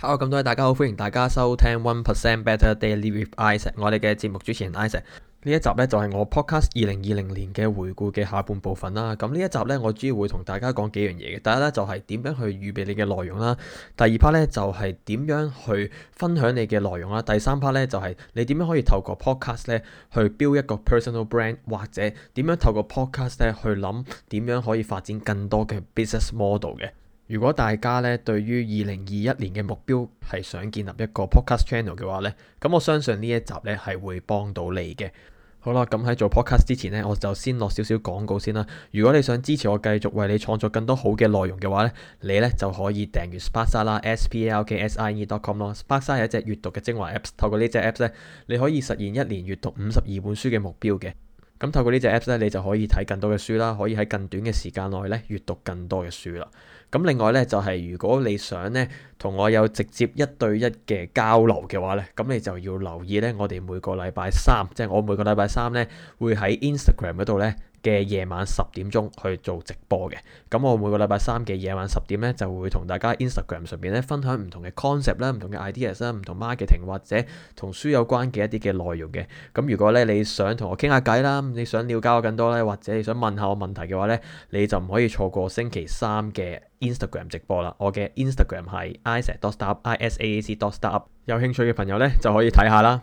Hello 咁多位，大家好，歡迎大家收聽 One Percent Better Daily with Isaac。我哋嘅節目主持人 Isaac，呢一集咧就係、是、我 Podcast 二零二零年嘅回顧嘅下半部分啦。咁呢一集咧，我主要會同大家講幾樣嘢。嘅。第一咧就係、是、點樣去預備你嘅內容啦。第二 part 咧就係、是、點樣去分享你嘅內容啦。第三 part 咧就係、是、你點樣可以透過 Podcast 咧去 b 一個 personal brand，或者點樣透過 Podcast 咧去諗點樣可以發展更多嘅 business model 嘅。如果大家咧對於二零二一年嘅目標係想建立一個 podcast channel 嘅話咧，咁我相信呢一集咧係會幫到你嘅。好啦，咁喺做 podcast 之前咧，我就先落少少廣告先啦。如果你想支持我繼續為你創作更多好嘅內容嘅話咧，你咧就可以訂閱 SparkSine 啦，sparksine.com 咯。E. SparkSine 係一隻閱讀嘅精華 apps，透過呢隻 apps 咧，你可以實現一年閱讀五十二本書嘅目標嘅。咁透過呢隻 Apps 咧，你就可以睇更多嘅書啦，可以喺更短嘅時間內咧，閱讀更多嘅書啦。咁另外咧，就係如果你想咧，同我有直接一對一嘅交流嘅話咧，咁你就要留意咧，我哋每個禮拜三，即係我每個禮拜三咧，會喺 Instagram 嗰度咧，嘅夜晚十點鐘去做直播嘅，咁我每個禮拜三嘅夜晚十點咧就會同大家 Instagram 上邊咧分享唔同嘅 concept 啦、唔同嘅 ideas 啦、唔同 marketing 或者同書有關嘅一啲嘅內容嘅。咁如果咧你想同我傾下偈啦，你想了解我更多咧，或者你想問下我問題嘅話咧，你就唔可以錯過星期三嘅 Instagram 直播啦。我嘅 Instagram 係 isaac dot startup isaac dot startup，有興趣嘅朋友咧就可以睇下啦。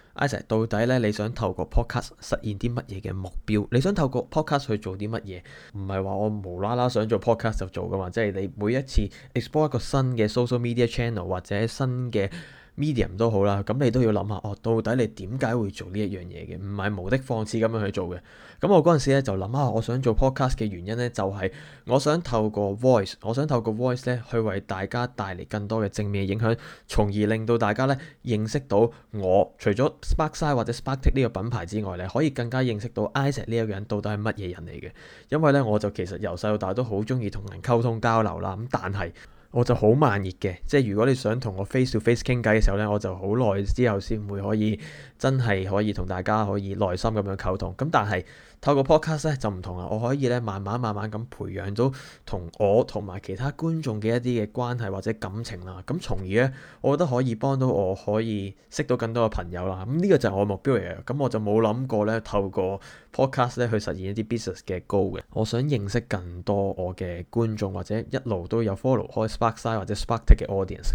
Isaac，到底咧你想透過 podcast 實現啲乜嘢嘅目標？你想透過 podcast 去做啲乜嘢？唔係話我無啦啦想做 podcast 就做㗎嘛？即係你每一次 explore 一個新嘅 social media channel 或者新嘅。Medium 都好啦，咁你都要諗下，哦，到底你點解會做呢一樣嘢嘅？唔係無的放矢咁樣去做嘅。咁我嗰陣時咧就諗下我想做 podcast 嘅原因咧就係、是、我想透過 voice，我想透過 voice 咧去為大家帶嚟更多嘅正面影響，從而令到大家咧認識到我除咗 Sparkside 或者 Sparktick 呢個品牌之外咧，可以更加認識到 Isaac 呢一個人到底係乜嘢人嚟嘅。因為咧我就其實由細到大都好中意同人溝通交流啦，咁但係。我就好慢熱嘅，即係如果你想同我 face to face 傾偈嘅時候呢，我就好耐之後先會可以真係可以同大家可以耐心咁樣溝通。咁但係透過 podcast 咧就唔同啦，我可以咧慢慢慢慢咁培養到同我同埋其他觀眾嘅一啲嘅關係或者感情啦。咁從而呢，我覺得可以幫到我可以識到更多嘅朋友啦。咁呢個就係我目標嚟嘅。咁我就冇諗過呢透過 podcast 咧去實現一啲 business 嘅 goal 嘅。我想認識更多我嘅觀眾或者一路都有 follow 開。Up, 白曬或者 SparkTake 嘅 audience，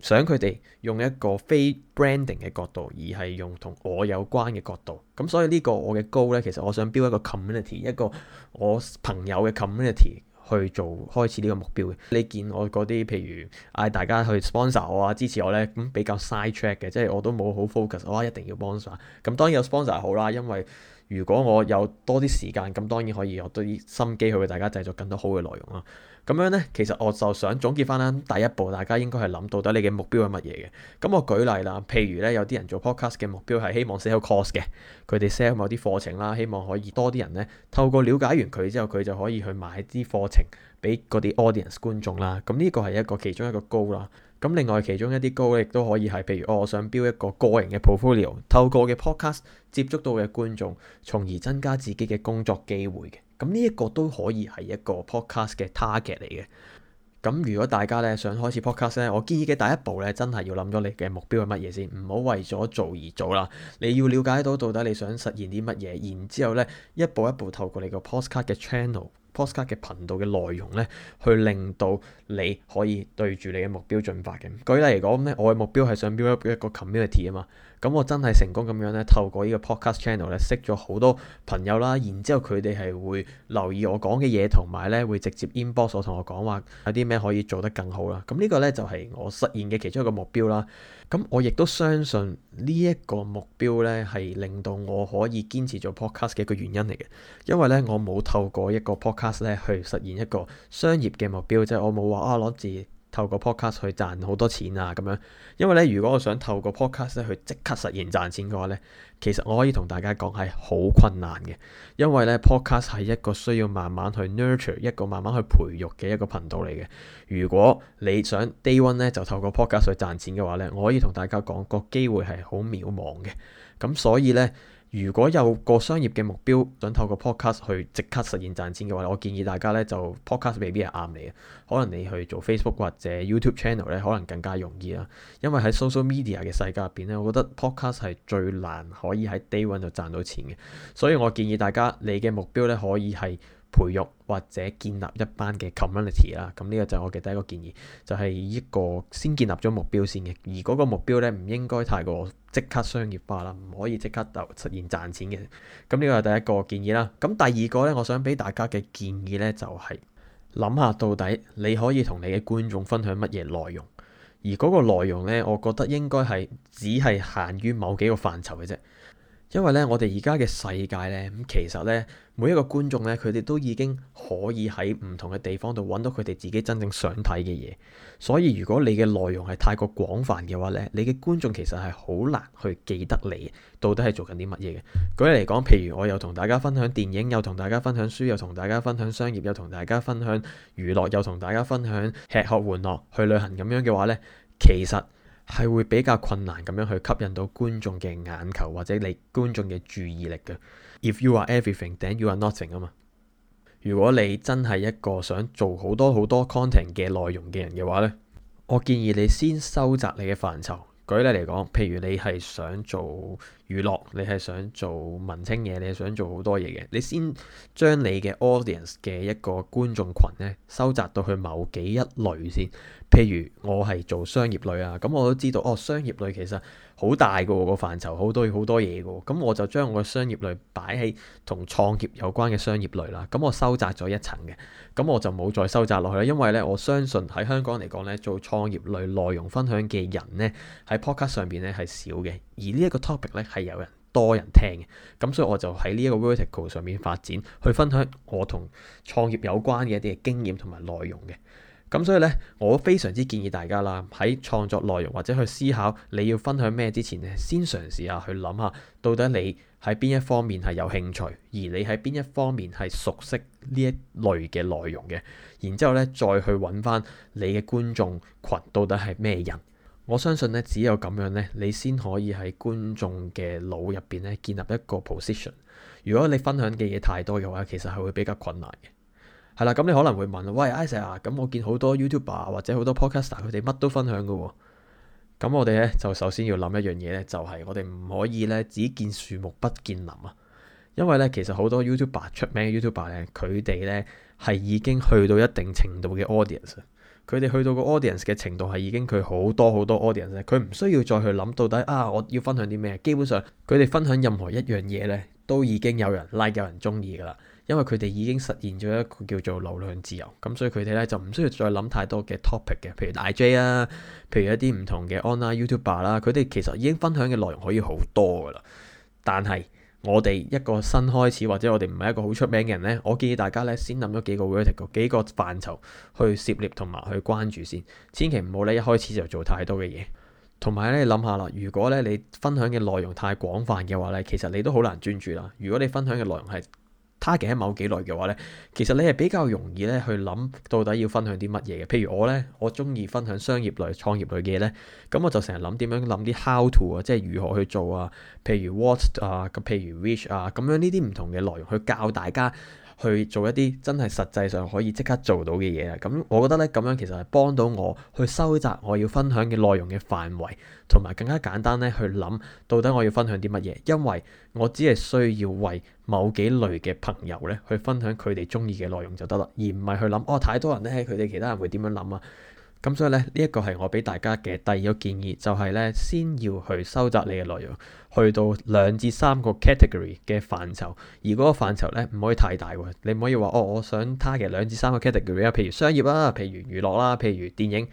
想佢哋用一個非 branding 嘅角度，而係用同我有關嘅角度。咁所以呢個我嘅 goal 咧，其實我想標一個 community，一個我朋友嘅 community 去做開始呢個目標嘅。你見我嗰啲譬如嗌大家去 sponsor 我啊，支持我咧，咁、嗯、比較 sidetrack 嘅，即係我都冇好 focus，哇、哦啊！一定要 sponsor。咁當然有 sponsor 好啦，因為如果我有多啲時間，咁當然可以有多啲心機去為大家製作更多好嘅內容啦。咁樣咧，其實我就想總結翻啦。第一步，大家應該係諗到底你嘅目標係乜嘢嘅。咁我舉例啦，譬如咧有啲人做 podcast 嘅目標係希望 sell course 嘅，佢哋 sell 某啲課程啦，希望可以多啲人咧透過了解完佢之後，佢就可以去買啲課程俾嗰啲 audience 觀眾啦。咁呢個係一個其中一個 goal 啦。咁另外其中一啲 goal 亦都可以係譬如我想標一個個人嘅 portfolio 透過嘅 podcast 接觸到嘅觀眾，從而增加自己嘅工作機會嘅。咁呢一個都可以係一個 podcast 嘅 target 嚟嘅。咁如果大家咧想開始 podcast 咧，我建議嘅第一步咧，真係要諗咗你嘅目標係乜嘢先，唔好為咗做而做啦。你要了解到到底你想實現啲乜嘢，然之後咧一步一步透過你個 podcast 嘅 channel、podcast 嘅頻道嘅內容咧，去令到你可以對住你嘅目標進發嘅。舉例嚟講咧，我嘅目標係想建立一個 community 啊嘛。咁我真係成功咁樣咧，透過呢個 podcast channel 咧，識咗好多朋友啦。然之後佢哋係會留意我講嘅嘢，同埋咧會直接 inbox 我，同我講話有啲咩可以做得更好啦。咁呢個咧就係我實現嘅其中一個目標啦。咁我亦都相信呢一個目標咧，係令到我可以堅持做 podcast 嘅一個原因嚟嘅。因為咧，我冇透過一個 podcast 咧去實現一個商業嘅目標，即係我冇話啊攞字。透過 podcast 去賺好多錢啊咁樣，因為咧，如果我想透過 podcast 去即刻實現賺錢嘅話咧，其實我可以同大家講係好困難嘅，因為咧 podcast 係一個需要慢慢去 nurture 一個慢慢去培育嘅一個頻道嚟嘅。如果你想 day one 咧就透過 podcast 去賺錢嘅話咧，我可以同大家講個機會係好渺茫嘅，咁所以咧。如果有個商業嘅目標，想透過 podcast 去即刻實現賺錢嘅話，我建議大家咧就 podcast 未必係啱你嘅，可能你去做 Facebook 或者 YouTube channel 咧，可能更加容易啦。因為喺 social media 嘅世界入邊咧，我覺得 podcast 係最難可以喺 day one 度賺到錢嘅，所以我建議大家你嘅目標咧可以係，培育或者建立一班嘅 community 啦，咁呢個就係我嘅第一個建議，就係、是、一個先建立咗目標先嘅，而嗰個目標呢，唔應該太過即刻商業化啦，唔可以即刻就實現賺錢嘅。咁、這、呢個係第一個建議啦。咁第二個呢，我想俾大家嘅建議呢、就是，就係諗下到底你可以同你嘅觀眾分享乜嘢內容，而嗰個內容呢，我覺得應該係只係限於某幾個範疇嘅啫。因為呢，我哋而家嘅世界呢，咁其實呢。每一個觀眾咧，佢哋都已經可以喺唔同嘅地方度揾到佢哋自己真正想睇嘅嘢。所以如果你嘅內容係太過廣泛嘅話咧，你嘅觀眾其實係好難去記得你到底係做緊啲乜嘢嘅。舉例嚟講，譬如我又同大家分享電影，又同大家分享書，又同大家分享商業，又同大家分享娛樂，又同大家分享吃喝玩樂，去旅行咁樣嘅話咧，其實係會比較困難咁樣去吸引到觀眾嘅眼球或者你觀眾嘅注意力嘅。If you are everything, then you are nothing 啊嘛！如果你真係一個想做好多好多 content 嘅內容嘅人嘅話呢，我建議你先收窄你嘅範疇。舉例嚟講，譬如你係想做娛樂，你係想做文青嘢，你係想做好多嘢嘅，你先將你嘅 audience 嘅一個觀眾群呢，收窄到去某幾一類先。譬如我係做商業類啊，咁、嗯、我都知道哦，商業類其實好大個個範疇，好多好多嘢嘅，咁我就將我嘅商業類擺喺同創業有關嘅商業類啦。咁我收窄咗一層嘅，咁我就冇再收窄落去啦。因為呢，我相信喺香港嚟講呢，做創業類內容分享嘅人呢，喺 Podcast 上邊呢係少嘅，而呢一個 topic 呢係有人多人聽嘅。咁所以我就喺呢一個 Vertical 上面發展，去分享我同創業有關嘅一啲經驗同埋內容嘅。咁所以咧，我非常之建議大家啦，喺創作內容或者去思考你要分享咩之前咧，先嘗試下去諗下，到底你喺邊一方面係有興趣，而你喺邊一方面係熟悉呢一類嘅內容嘅，然之後咧再去揾翻你嘅觀眾群到底係咩人。我相信咧，只有咁樣咧，你先可以喺觀眾嘅腦入邊咧建立一個 position。如果你分享嘅嘢太多嘅話，其實係會比較困難嘅。係啦，咁你可能會問：喂 Isaac 咁我見好多 YouTuber 或者好多 Podcaster 佢哋乜都分享嘅喎、哦。咁我哋咧就首先要諗一樣嘢咧，就係、是、我哋唔可以咧只見樹木不見林啊。因為咧其實好多 YouTuber 出名嘅 YouTuber 咧，佢哋咧係已經去到一定程度嘅 audience。佢哋去到個 audience 嘅程度係已經佢好多好多 audience，佢唔需要再去諗到底啊我要分享啲咩。基本上佢哋分享任何一樣嘢咧，都已經有人 like 有人中意嘅啦。因為佢哋已經實現咗一個叫做流量自由，咁所以佢哋咧就唔需要再諗太多嘅 topic 嘅，譬如大 J 啦、啊，譬如一啲唔同嘅 online YouTuber 啦、啊，佢哋其實已經分享嘅內容可以好多噶啦。但係我哋一個新開始或者我哋唔係一個好出名嘅人呢，我建議大家呢先諗咗幾個 topic 個幾個範疇去涉獵同埋去關注先，千祈唔好呢一開始就做太多嘅嘢。同埋咧諗下啦，如果呢你分享嘅內容太廣泛嘅話呢，其實你都好難專注啦。如果你分享嘅內容係 target 喺某幾類嘅話咧，其實你係比較容易咧去諗到底要分享啲乜嘢嘅。譬如我咧，我中意分享商業類、創業類嘅嘢咧，咁我就成日諗點樣諗啲 how to 啊，即係如何去做啊。譬如 what 啊，咁譬如 which 啊，咁樣呢啲唔同嘅內容去教大家。去做一啲真係實際上可以即刻做到嘅嘢啦，咁我覺得咧，咁樣其實係幫到我去收集我要分享嘅內容嘅範圍，同埋更加簡單咧去諗到底我要分享啲乜嘢，因為我只係需要為某幾類嘅朋友咧去分享佢哋鍾意嘅內容就得啦，而唔係去諗哦太多人咧，佢哋其他人會點樣諗啊？咁所以咧，呢、這、一個係我俾大家嘅第二個建議，就係、是、咧，先要去收集你嘅內容，去到兩至三個 category 嘅範疇，而嗰個範疇咧唔可以太大喎。你唔可以話哦，我想 target 兩至三個 category 啊，譬如商業啦，譬如娛樂啦，譬如電影，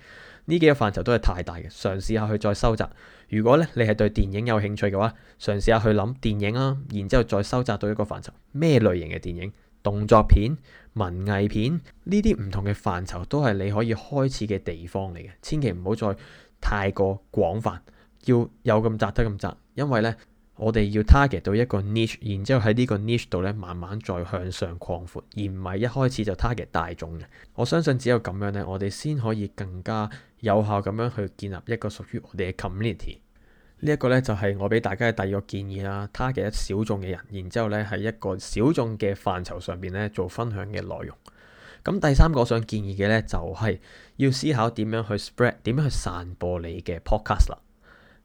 呢幾個範疇都係太大嘅。嘗試下去再收集。如果咧你係對電影有興趣嘅話，嘗試下去諗電影啊，然之後再收集到一個範疇，咩類型嘅電影？動作片、文藝片呢啲唔同嘅範疇，都係你可以開始嘅地方嚟嘅。千祈唔好再太過廣泛，要有咁窄得咁窄，因為呢，我哋要 target 到一個 niche，然之後喺呢個 niche 度呢，慢慢再向上擴闊，而唔係一開始就 target 大眾嘅。我相信只有咁樣呢，我哋先可以更加有效咁樣去建立一個屬於我哋嘅 community。呢一個咧就係我俾大家嘅第二個建議啦，他嘅一小眾嘅人，然之後咧喺一個小眾嘅範疇上邊咧做分享嘅內容。咁第三個我想建議嘅咧就係要思考點樣去 spread，點樣去散播你嘅 podcast 啦。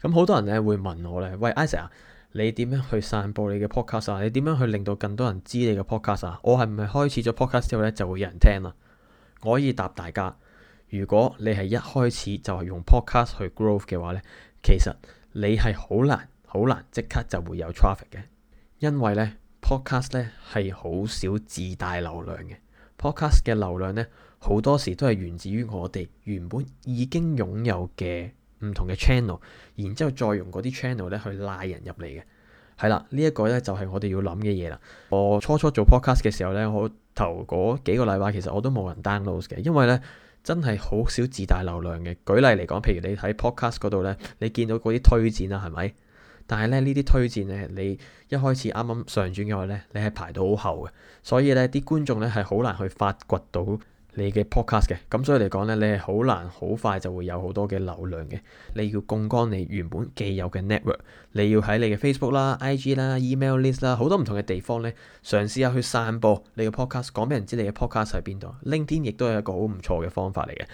咁好多人咧會問我咧，喂，Isaac，你點樣去散播你嘅 podcast 啊？你點樣去令到更多人知你嘅 podcast 啊？我係唔係開始咗 podcast 之後咧就會有人聽啦？我可以答大家，如果你係一開始就係用 podcast 去 grow 嘅話咧，其實你係好難好難即刻就會有 traffic 嘅，因為呢 podcast 呢係好少自帶流量嘅。podcast 嘅流量呢，好多時都係源自於我哋原本已經擁有嘅唔同嘅 channel，然之後再用嗰啲 channel 咧去拉人入嚟嘅。係啦，呢一個呢就係我哋要諗嘅嘢啦。我初初做 podcast 嘅時候呢，我頭嗰幾個禮拜其實我都冇人 download 嘅，因為呢，真係好少自帶流量嘅。舉例嚟講，譬如你喺 Podcast 嗰度呢，你見到嗰啲推薦啦，係咪？但係咧呢啲推薦呢，你一開始啱啱上傳嘅話呢，你係排到好後嘅，所以呢啲觀眾呢，係好難去發掘到你嘅 podcast 嘅，咁所以嚟講呢，你係好難好快就會有好多嘅流量嘅。你要槓桿你原本既有嘅 network，你要喺你嘅 Facebook 啦、IG 啦、email list 啦，好多唔同嘅地方呢，嘗試下去散播你嘅 podcast，講俾人知你嘅 podcast 喺邊度。LinkedIn 亦都係一個好唔錯嘅方法嚟嘅。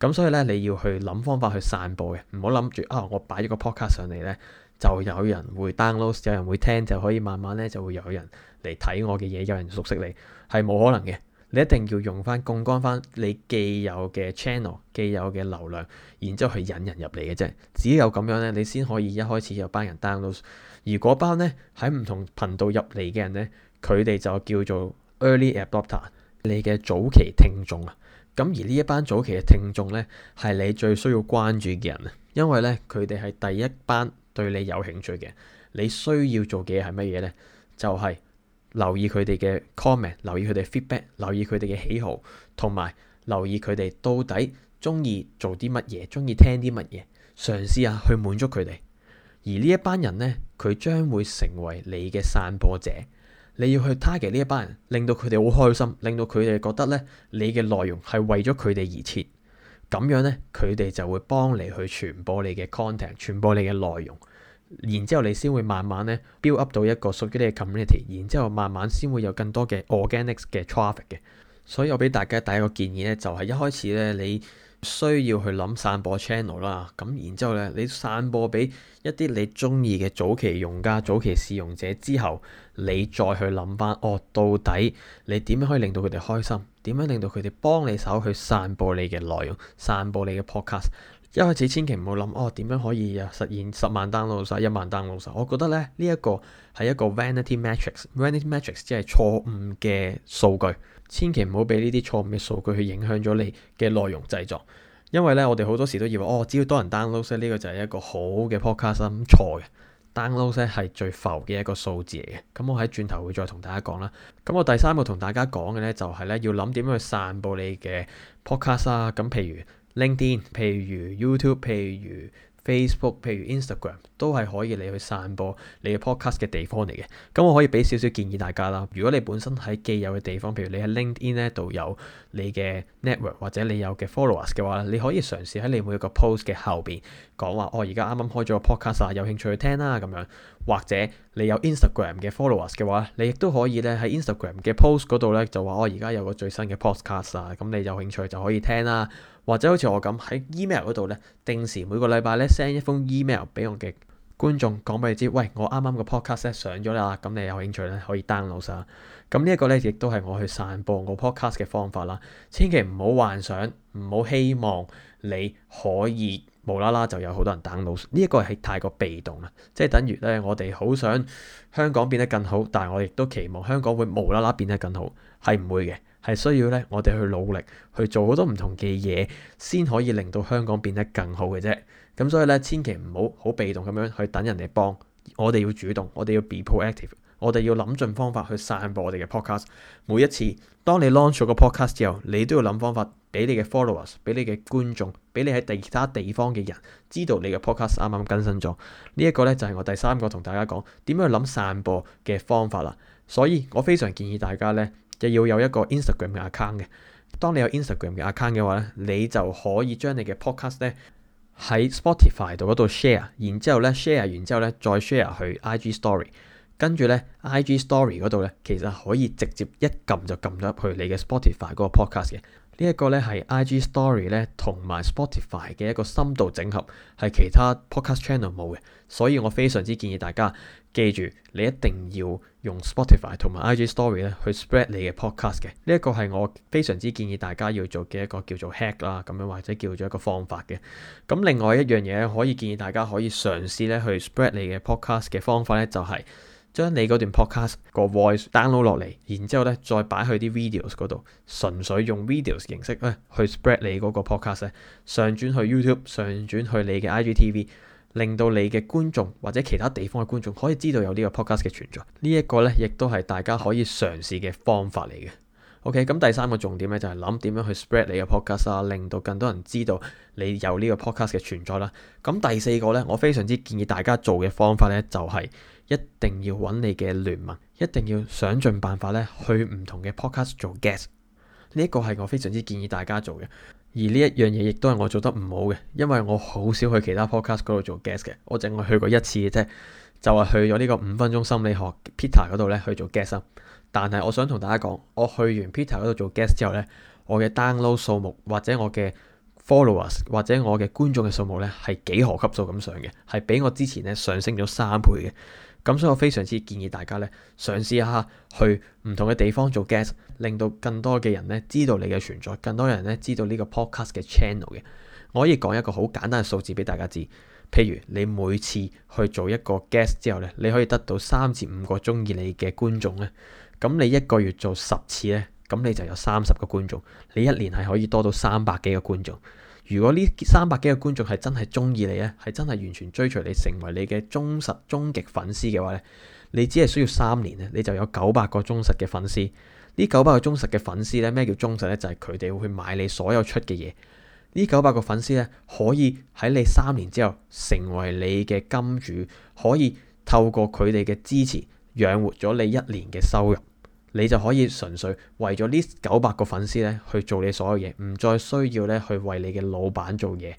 咁所以呢，你要去諗方法去散播嘅，唔好諗住啊！我擺咗個 podcast 上嚟呢，就有人會 download，有人會聽，就可以慢慢呢，就會有人嚟睇我嘅嘢，有人熟悉你，係冇可能嘅。你一定要用翻、槓桿翻你既有嘅 channel、既有嘅流量，然之後去引人入嚟嘅啫。只有咁樣咧，你先可以一開始有班人 download。而嗰班咧喺唔同頻道入嚟嘅人咧，佢哋就叫做 early adopter，你嘅早期聽眾啊。咁而呢一班早期嘅聽眾咧，係你最需要關注嘅人啊，因為咧佢哋係第一班對你有興趣嘅。你需要做嘅嘢係乜嘢咧？就係、是。留意佢哋嘅 comment，留意佢哋 feedback，留意佢哋嘅喜好，同埋留意佢哋到底中意做啲乜嘢，中意聽啲乜嘢，嘗試下去滿足佢哋。而呢一班人呢，佢將會成為你嘅散播者。你要去 target 呢一班人，令到佢哋好開心，令到佢哋覺得呢，你嘅內容係為咗佢哋而設。咁樣呢，佢哋就會幫你去傳播你嘅 content，傳播你嘅內容。然之後你先會慢慢咧 build up 到一個屬於你嘅 community，然之後慢慢先會有更多嘅 organic 嘅 traffic 嘅。所以我俾大家第一個建議咧，就係一開始咧你需要去諗散播 channel 啦。咁然之後咧，你散播俾一啲你中意嘅早期用家、早期試用者之後，你再去諗翻哦，到底你點樣可以令到佢哋開心？點樣令到佢哋幫你手去散播你嘅內容、散播你嘅 podcast？一開始千祈唔好諗哦，點樣可以啊實現十萬 download 晒？一萬 download 晒？我覺得咧呢一個係一個 vanity matrix，vanity matrix 即係錯誤嘅數據，千祈唔好俾呢啲錯誤嘅數據去影響咗你嘅內容製作。因為呢我哋好多時都以為哦，只要多人 download 呢、這個就係一個好嘅 podcast，咁錯嘅 download 晒係最浮嘅一個數字嚟嘅。咁我喺轉頭會再同大家講啦。咁我第三個同大家講嘅呢，就係呢要諗點樣去散布你嘅 podcast 啊。咁譬如。LinkedIn，譬如 YouTube，譬如 Facebook，譬如 Instagram，都係可以你去散播你嘅 podcast 嘅地方嚟嘅。咁我可以俾少少建議大家啦。如果你本身喺既有嘅地方，譬如你喺 LinkedIn 呢度有你嘅 network 或者你有嘅 followers 嘅話咧，你可以嘗試喺你每一個 post 嘅後邊。講話哦，而家啱啱開咗個 podcast 啊，有興趣去聽啦、啊、咁樣，或者你有 Instagram 嘅 followers 嘅話，你亦都可以咧喺 Instagram 嘅 post 嗰度咧就話我而家有個最新嘅 podcast 啊，咁你有興趣就可以聽啦、啊。或者好似我咁喺 email 嗰度咧，定時每個禮拜咧 send 一封 email 俾我嘅觀眾，講俾你知，喂我啱啱個 podcast 咧上咗啦，咁你有興趣咧可以 download 啦。咁呢一個咧亦都係我去散播我 podcast 嘅方法啦。千祈唔好幻想，唔好希望你可以。無啦啦就有好多人等我，呢、這、一個係太過被動啦，即係等於咧我哋好想香港變得更好，但係我亦都期望香港會無啦啦變得更好，係唔會嘅，係需要咧我哋去努力去做好多唔同嘅嘢，先可以令到香港變得更好嘅啫。咁所以咧，千祈唔好好被動咁樣去等人哋幫，我哋要主動，我哋要 be proactive。我哋要諗盡方法去散播我哋嘅 podcast。每一次當你 launch 咗個 podcast 之後，你都要諗方法俾你嘅 followers，俾你嘅觀眾，俾你喺地其他地方嘅人知道你嘅 podcast 啱啱更新咗、這個、呢一個咧，就係、是、我第三個同大家講點樣去諗散播嘅方法啦。所以我非常建議大家咧，就要有一個 Instagram 嘅 account 嘅。當你有 Instagram 嘅 account 嘅話咧，你就可以將你嘅 podcast 咧喺 Spotify 度嗰度 share，然之後咧 share 完之後咧再 share 去 IG story。跟住呢 IG Story 嗰度呢，其實可以直接一撳就撳咗入去你嘅 Spotify 嗰個 Podcast 嘅。呢一個呢，係 IG Story 呢同埋 Spotify 嘅一個深度整合，係其他 Podcast Channel 冇嘅。所以我非常之建議大家記住，你一定要用 Spotify 同埋 IG Story 呢去 Spread 你嘅 Podcast 嘅。呢一個係我非常之建議大家要做嘅一個叫做 Hack 啦，咁樣或者叫做一個方法嘅。咁另外一樣嘢可以建議大家可以嘗試呢去 Spread 你嘅 Podcast 嘅方法呢，就係。將你嗰段 podcast 個 voice download 落嚟，然之後咧再擺去啲 videos 嗰度，純粹用 videos 形式咧、哎、去 spread 你嗰個 podcast 咧，上轉去 YouTube，上轉去你嘅 IGTV，令到你嘅觀眾或者其他地方嘅觀眾可以知道有呢個 podcast 嘅存在。這個、呢一個咧亦都係大家可以嘗試嘅方法嚟嘅。OK，咁第三個重點咧就係諗點樣去 spread 你嘅 podcast 啊，令到更多人知道你有呢個 podcast 嘅存在啦。咁第四個咧，我非常之建議大家做嘅方法咧就係、是。一定要揾你嘅聯盟，一定要想盡辦法咧去唔同嘅 podcast 做 guest，呢一個係我非常之建議大家做嘅。而呢一樣嘢亦都係我做得唔好嘅，因為我好少去其他 podcast 嗰度做 guest 嘅，我淨係去過一次嘅啫，就係去咗呢個五分鐘心理學 Peter 嗰度咧去做 guest 啊。但係我想同大家講，我去完 Peter 嗰度做 guest 之後呢，我嘅 download 數目或者我嘅 followers 或者我嘅觀眾嘅數目呢，係幾何級數咁上嘅，係比我之前咧上升咗三倍嘅。咁所以我非常之建議大家咧，嘗試一下去唔同嘅地方做 guest，令到更多嘅人咧知道你嘅存在，更多人咧知道呢個 podcast 嘅 channel 嘅。我可以講一個好簡單嘅數字俾大家知，譬如你每次去做一個 guest 之後咧，你可以得到三至五個鍾意你嘅觀眾咧。咁你一個月做十次咧，咁你就有三十個觀眾。你一年係可以多到三百幾個觀眾。如果呢三百幾個觀眾係真係鍾意你咧，係真係完全追隨你，成為你嘅忠實終極粉絲嘅話咧，你只係需要三年咧，你就有九百個忠實嘅粉絲。呢九百個忠實嘅粉絲呢，咩叫忠實呢？就係佢哋會去買你所有出嘅嘢。呢九百個粉絲呢，可以喺你三年之後成為你嘅金主，可以透過佢哋嘅支持養活咗你一年嘅收入。你就可以純粹為咗呢九百個粉絲咧去做你所有嘢，唔再需要咧去為你嘅老闆做嘢。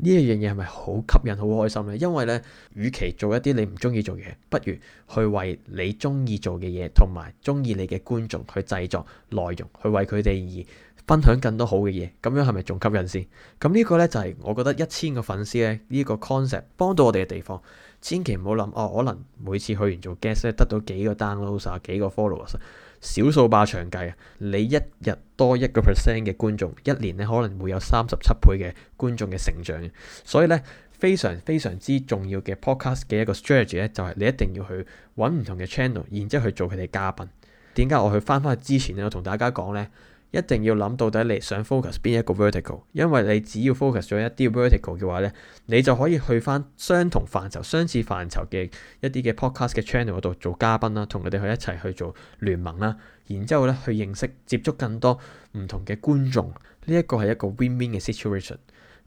呢一樣嘢係咪好吸引、好開心呢？因為咧，與其做一啲你唔中意做嘢，不如去為你中意做嘅嘢，同埋中意你嘅觀眾去製作內容，去為佢哋而分享更多好嘅嘢。咁樣係咪仲吸引先？咁呢個咧就係、是、我覺得一千個粉絲咧呢個 concept 幫到我哋嘅地方。千祈唔好諗哦，可能每次去完做 guest 咧，得到幾個 download 啊，幾個 followers，少數霸場計啊！你一日多一個 percent 嘅觀眾，一年咧可能會有三十七倍嘅觀眾嘅成長。所以咧，非常非常之重要嘅 podcast 嘅一個 strategy 咧，就係你一定要去搵唔同嘅 channel，然之後去做佢哋嘅嘉賓。點解我去翻翻去之前咧，我同大家講咧？一定要諗到底你想 focus 邊一個 vertical，因為你只要 focus 咗一啲 vertical 嘅話呢，你就可以去翻相同範疇、相似範疇嘅一啲嘅 podcast 嘅 channel 度做嘉賓啦，同佢哋去一齊去做聯盟啦，然之後咧去認識、接觸更多唔同嘅觀眾，呢一個係一個 win win 嘅 situation。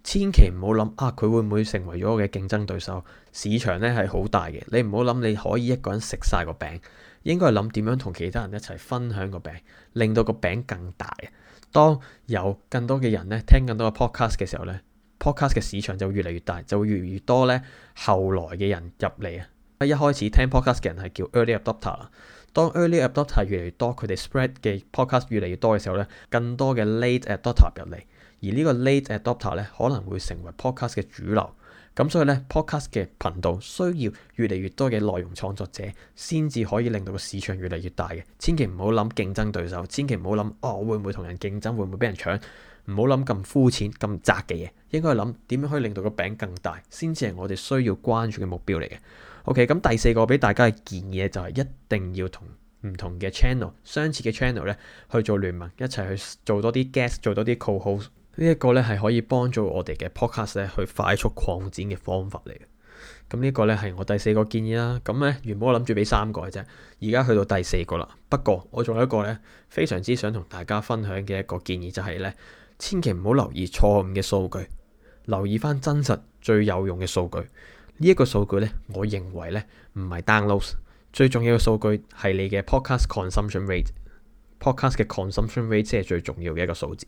千祈唔好諗啊，佢會唔會成為咗我嘅競爭對手？市場呢係好大嘅，你唔好諗你可以一個人食晒個餅。應該係諗點樣同其他人一齊分享個餅，令到個餅更大。當有更多嘅人咧聽更多嘅 podcast 嘅時候咧，podcast 嘅市場就會越嚟越大，就會越嚟越多咧後來嘅人入嚟啊！一開始聽 podcast 嘅人係叫 early adopter，當 early adopter 越嚟越多，佢哋 spread 嘅 podcast 越嚟越多嘅時候咧，更多嘅 late adopter 入嚟，而呢個 late adopter 咧可能會成為 podcast 嘅主流。咁所以呢 Podcast 嘅頻道需要越嚟越多嘅內容創作者，先至可以令到個市場越嚟越大嘅。千祈唔好諗競爭對手，千祈唔好諗哦，會唔會同人競爭，會唔會俾人搶？唔好諗咁膚淺、咁窄嘅嘢，應該係諗點樣可以令到個餅更大，先至係我哋需要關注嘅目標嚟嘅。OK，咁第四個俾大家嘅建議就係、是、一定要同唔同嘅 channel、相似嘅 channel 咧去做聯盟，一齊去做多啲 guest，做多啲 co-host。呢一個咧係可以幫助我哋嘅 podcast 咧去快速擴展嘅方法嚟嘅。咁呢個咧係我第四個建議啦。咁咧原本我諗住俾三個嘅啫，而家去到第四個啦。不過我仲有一個咧非常之想同大家分享嘅一個建議就係咧，千祈唔好留意錯誤嘅數據，留意翻真實最有用嘅數據。呢一個數據咧，我認為咧唔係 downloads 最重要嘅數據係你嘅 podcast consumption rate。podcast 嘅 consumption rate 即係最重要嘅一個數字。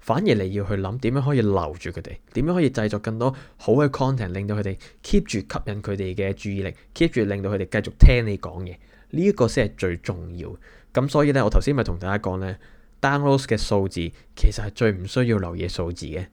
反而你要去諗點樣可以留住佢哋，點樣可以製作更多好嘅 content，令到佢哋 keep 住吸引佢哋嘅注意力，keep 住令到佢哋繼續聽你講嘢。呢一個先係最重要。咁所以呢，我頭先咪同大家講呢，download 嘅數字其實係最唔需要留意嘅數字嘅。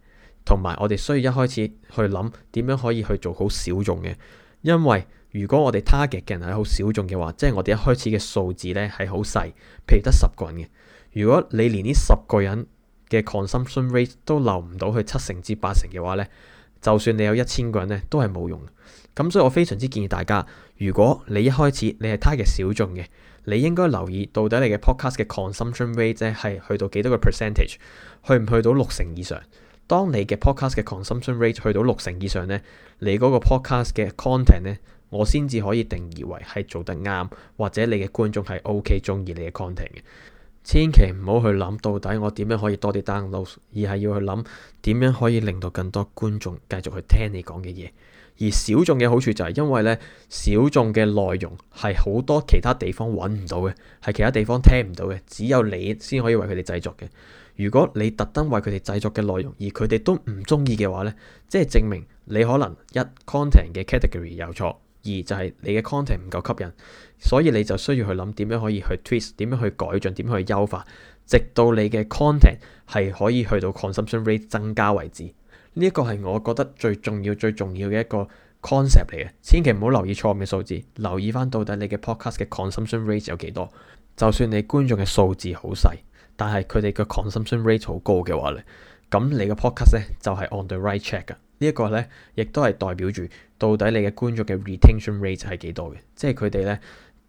同埋我哋需要一開始去諗點樣可以去做好小眾嘅。因為如果我哋 target 嘅人係好小眾嘅話，即係我哋一開始嘅數字呢，係好細，譬如得十個人嘅。如果你連呢十個人嘅 consumption rate 都留唔到去七成至八成嘅話呢，就算你有一千個人呢，都係冇用。咁所以我非常之建議大家，如果你一開始你係 target 小眾嘅，你應該留意到底你嘅 podcast 嘅 consumption rate 呢係去到幾多個 percentage，去唔去到六成以上？當你嘅 podcast 嘅 consumption rate 去到六成以上呢，你嗰個 podcast 嘅 content 呢，我先至可以定義為係做得啱，或者你嘅觀眾係 OK，中意你嘅 content 嘅。千祈唔好去諗到底我點樣可以多啲 download，而係要去諗點樣可以令到更多觀眾繼續去聽你講嘅嘢。而小眾嘅好處就係因為咧，小眾嘅內容係好多其他地方揾唔到嘅，係其他地方聽唔到嘅，只有你先可以為佢哋製作嘅。如果你特登為佢哋製作嘅內容，而佢哋都唔中意嘅話咧，即係證明你可能一 content 嘅 category 有錯。二就係你嘅 content 唔夠吸引，所以你就需要去諗點樣可以去 twist，點樣去改進，點樣去優化，直到你嘅 content 係可以去到 consumption rate 增加為止。呢一個係我覺得最重要、最重要嘅一個 concept 嚟嘅。千祈唔好留意錯誤嘅數字，留意返到底你嘅 podcast 嘅 consumption rate 有幾多。就算你觀眾嘅數字好細，但係佢哋嘅 consumption rate 好高嘅話咧，咁你嘅 podcast 咧就係、是、on the right track 嘅。這個、呢一個咧亦都係代表住。到底你嘅觀眾嘅 retention rate 係幾多嘅？即係佢哋咧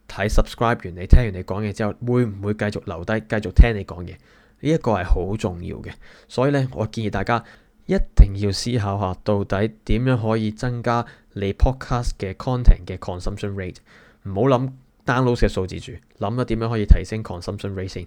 睇 subscribe 完你聽完你講嘢之後，會唔會繼續留低繼續聽你講嘢？呢一個係好重要嘅，所以咧我建議大家一定要思考下，到底點樣可以增加你 podcast 嘅 content 嘅 consumption rate？唔好諗 download 嘅數字住，諗一點樣可以提升 consumption rate 先。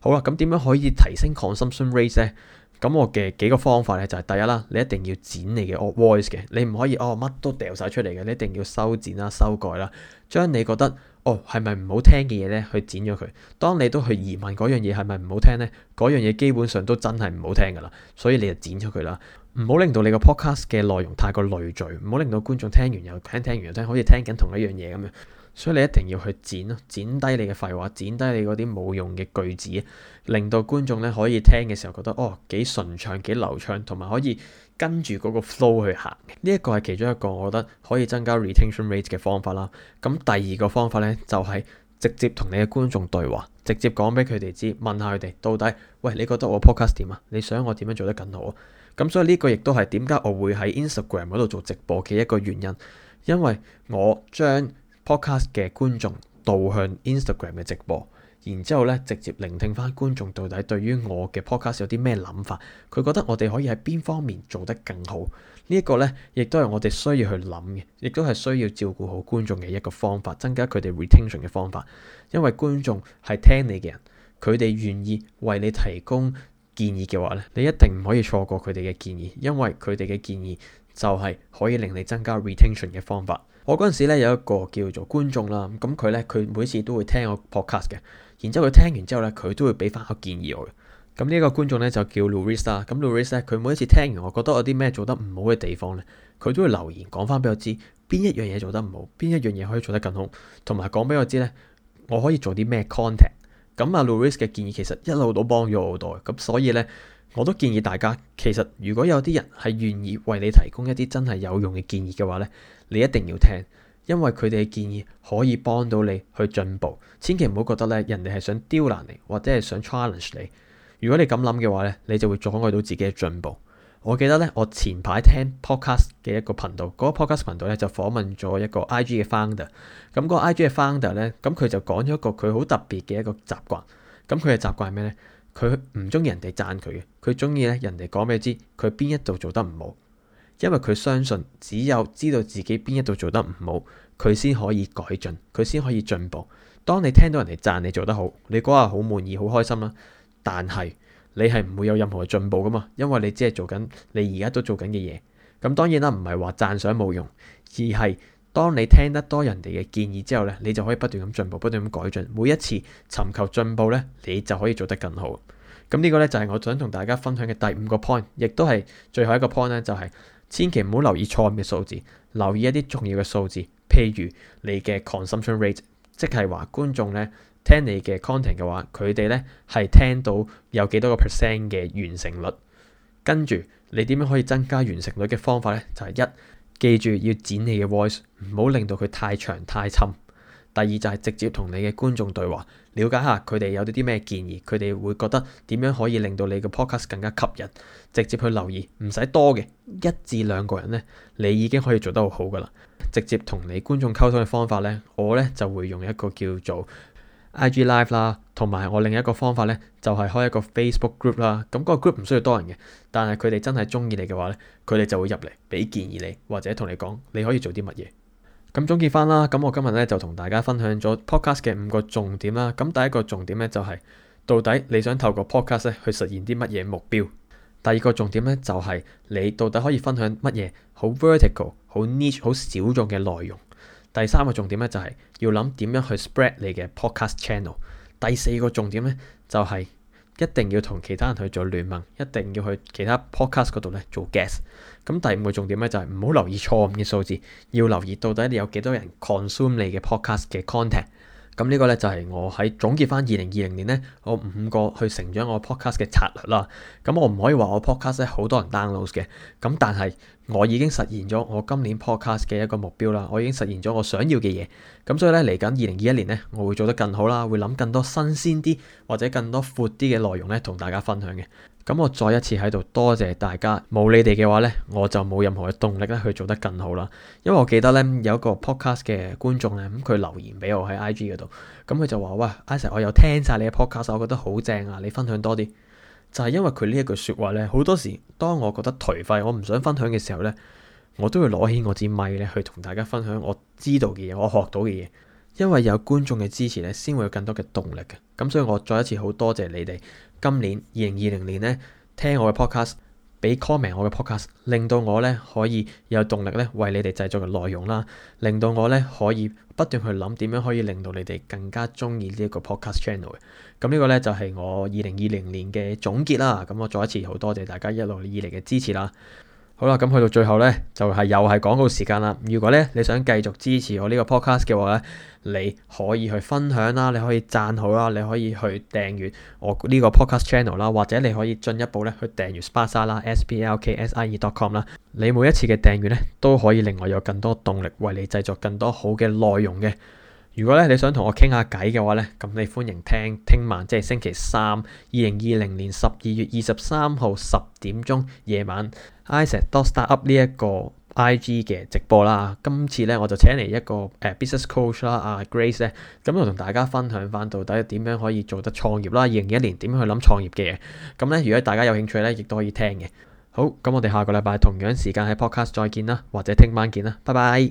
好啦，咁點樣可以提升 consumption rate 咧？咁我嘅幾個方法咧，就係第一啦，你一定要剪你嘅 voice 嘅，你唔可以哦乜都掉晒出嚟嘅，你一定要修剪啦，修改啦，將你覺得哦係咪唔好聽嘅嘢咧去剪咗佢。當你都去疑問嗰樣嘢係咪唔好聽咧，嗰樣嘢基本上都真係唔好聽噶啦，所以你就剪咗佢啦，唔好令到你個 podcast 嘅內容太過累贅，唔好令到觀眾聽完又聽，聽完又聽，好似聽緊同一樣嘢咁樣。所以你一定要去剪咯，剪低你嘅廢話，剪低你嗰啲冇用嘅句子，令到觀眾咧可以聽嘅時候覺得哦幾順暢、幾流暢，同埋可以跟住嗰個 flow 去行。呢一個係其中一個我覺得可以增加 retention rate 嘅方法啦。咁第二個方法咧就係直接同你嘅觀眾對話，直接講俾佢哋知，問下佢哋到底喂你覺得我 podcast 點啊？你想我點樣做得更好啊？咁所以呢個亦都係點解我會喺 Instagram 嗰度做直播嘅一個原因，因為我將 Podcast 嘅觀眾導向 Instagram 嘅直播，然之後咧直接聆聽翻觀眾到底對於我嘅 Podcast 有啲咩諗法，佢覺得我哋可以喺邊方面做得更好？這個、呢一個咧，亦都係我哋需要去諗嘅，亦都係需要照顧好觀眾嘅一個方法，增加佢哋 retention 嘅方法。因為觀眾係聽你嘅人，佢哋願意為你提供建議嘅話咧，你一定唔可以錯過佢哋嘅建議，因為佢哋嘅建議就係可以令你增加 retention 嘅方法。我嗰陣時咧有一個叫做觀眾啦，咁佢咧佢每次都會聽我 podcast 嘅，然之後佢聽完之後咧佢都會俾翻個建議我嘅。咁呢個觀眾咧就叫 Luisa，咁 Luisa 佢每一次聽完我覺得有啲咩做得唔好嘅地方咧，佢都會留言講翻俾我知邊一樣嘢做得唔好，邊一樣嘢可以做得更好，同埋講俾我知咧我可以做啲咩 contact。咁啊 Luis 嘅建議其實一路都幫咗我好多嘅，咁所以咧。我都建議大家，其實如果有啲人係願意為你提供一啲真係有用嘅建議嘅話咧，你一定要聽，因為佢哋嘅建議可以幫到你去進步。千祈唔好覺得咧，人哋係想刁難你或者係想 challenge 你。如果你咁諗嘅話咧，你就會阻礙到自己嘅進步。我記得咧，我前排聽 podcast 嘅一個頻道，嗰個 podcast 頻道咧就訪問咗一個 IG 嘅 founder。咁嗰 IG 嘅 founder 咧，咁佢就講咗一個佢好特別嘅一個習慣。咁佢嘅習慣係咩咧？佢唔中意人哋讚佢嘅，佢中意咧人哋講俾你知，佢邊一度做得唔好，因為佢相信只有知道自己邊一度做得唔好，佢先可以改進，佢先可以進步。當你聽到人哋讚你做得好，你嗰日好滿意、好開心啦，但係你係唔會有任何嘅進步噶嘛，因為你只係做緊你而家都做緊嘅嘢。咁當然啦，唔係話讚賞冇用，而係。當你聽得多人哋嘅建議之後咧，你就可以不斷咁進步，不斷咁改進。每一次尋求進步咧，你就可以做得更好。咁呢個咧就係我想同大家分享嘅第五個 point，亦都係最後一個 point 咧，就係千祈唔好留意錯誤嘅數字，留意一啲重要嘅數字。譬如你嘅 consumption rate，即係話觀眾咧聽你嘅 content 嘅話，佢哋咧係聽到有幾多個 percent 嘅完成率。跟住你點樣可以增加完成率嘅方法咧，就係一。記住要剪你嘅 voice，唔好令到佢太長太沉。第二就係直接同你嘅觀眾對話，了解下佢哋有啲啲咩建議，佢哋會覺得點樣可以令到你嘅 podcast 更加吸引。直接去留意，唔使多嘅，一至兩個人呢，你已經可以做得好好噶啦。直接同你觀眾溝通嘅方法呢，我呢就會用一個叫做。IG Live 啦，同埋我另一個方法呢，就係開一個 Facebook Group 啦。咁嗰個 Group 唔需要多人嘅，但係佢哋真係中意你嘅話呢，佢哋就會入嚟俾建議你，或者同你講你可以做啲乜嘢。咁總結翻啦，咁我今日呢，就同大家分享咗 Podcast 嘅五個重點啦。咁第一個重點呢，就係到底你想透過 Podcast 去實現啲乜嘢目標。第二個重點呢，就係你到底可以分享乜嘢好 Vertical、好 Niche、好小眾嘅內容。第三個重點咧，就係要諗點樣去 spread 你嘅 podcast channel。第四個重點咧，就係一定要同其他人去做聯盟，一定要去其他 podcast 嗰度咧做 guest。咁第五個重點咧，就係唔好留意錯誤嘅數字，要留意到底你有幾多人 consume 你嘅 podcast 嘅 content。咁呢個咧就係我喺總結翻二零二零年咧我五個去成長我 podcast 嘅策略啦。咁我唔可以話我 podcast 咧好多人 download 嘅，咁但係我已經實現咗我今年 podcast 嘅一個目標啦。我已經實現咗我想要嘅嘢。咁所以咧嚟緊二零二一年咧，我會做得更好啦，會諗更多新鮮啲或者更多闊啲嘅內容咧，同大家分享嘅。咁我再一次喺度多謝大家，冇你哋嘅話呢，我就冇任何嘅動力咧去做得更好啦。因為我記得呢，有一個 podcast 嘅觀眾呢，咁佢留言俾我喺 IG 嗰度，咁佢就話：哇，Isaac，我有聽晒你嘅 podcast，我覺得好正啊，你分享多啲。就係因為佢呢一句說話呢。好多時當我覺得頹廢，我唔想分享嘅時候呢，我都會攞起我支咪呢去同大家分享我知道嘅嘢，我學到嘅嘢。因為有觀眾嘅支持呢，先會有更多嘅動力嘅。咁所以我再一次好多謝你哋。今年二零二零年咧，聽我嘅 podcast，俾 comment 我嘅 podcast，令到我咧可以有動力咧為你哋製作嘅內容啦，令到我咧可以不斷去諗點樣可以令到你哋更加中意、嗯、這個、呢一個 podcast channel 嘅。咁呢個咧就係、是、我二零二零年嘅總結啦。咁、嗯、我再一次好多謝大家一路以嚟嘅支持啦。好啦，咁去到最後呢，就係、是、又係廣告時間啦。如果呢，你想繼續支持我個呢個 podcast 嘅話呢，你可以去分享啦，你可以讚好啦，你可以去訂閱我呢個 podcast channel 啦，或者你可以進一步呢去訂閱 Spasa 啦，s p l k s i e .com 啦。你每一次嘅訂閱呢，都可以令我有更多動力為你製作更多好嘅內容嘅。如果咧你想同我傾下偈嘅話咧，咁你歡迎聽聽晚即係星期三，二零二零年十二月二十三號十點鐘夜晚，Iset dot start up 呢一個 IG 嘅直播啦。今次咧我就請嚟一個誒、呃、business coach 啦，阿、啊、Grace 咧，咁就同大家分享翻到底點樣可以做得創業啦，二零二一年點樣去諗創業嘅嘢。咁咧如果大家有興趣咧，亦都可以聽嘅。好，咁我哋下個禮拜同樣時間喺 podcast 再見啦，或者聽晚見啦，拜拜。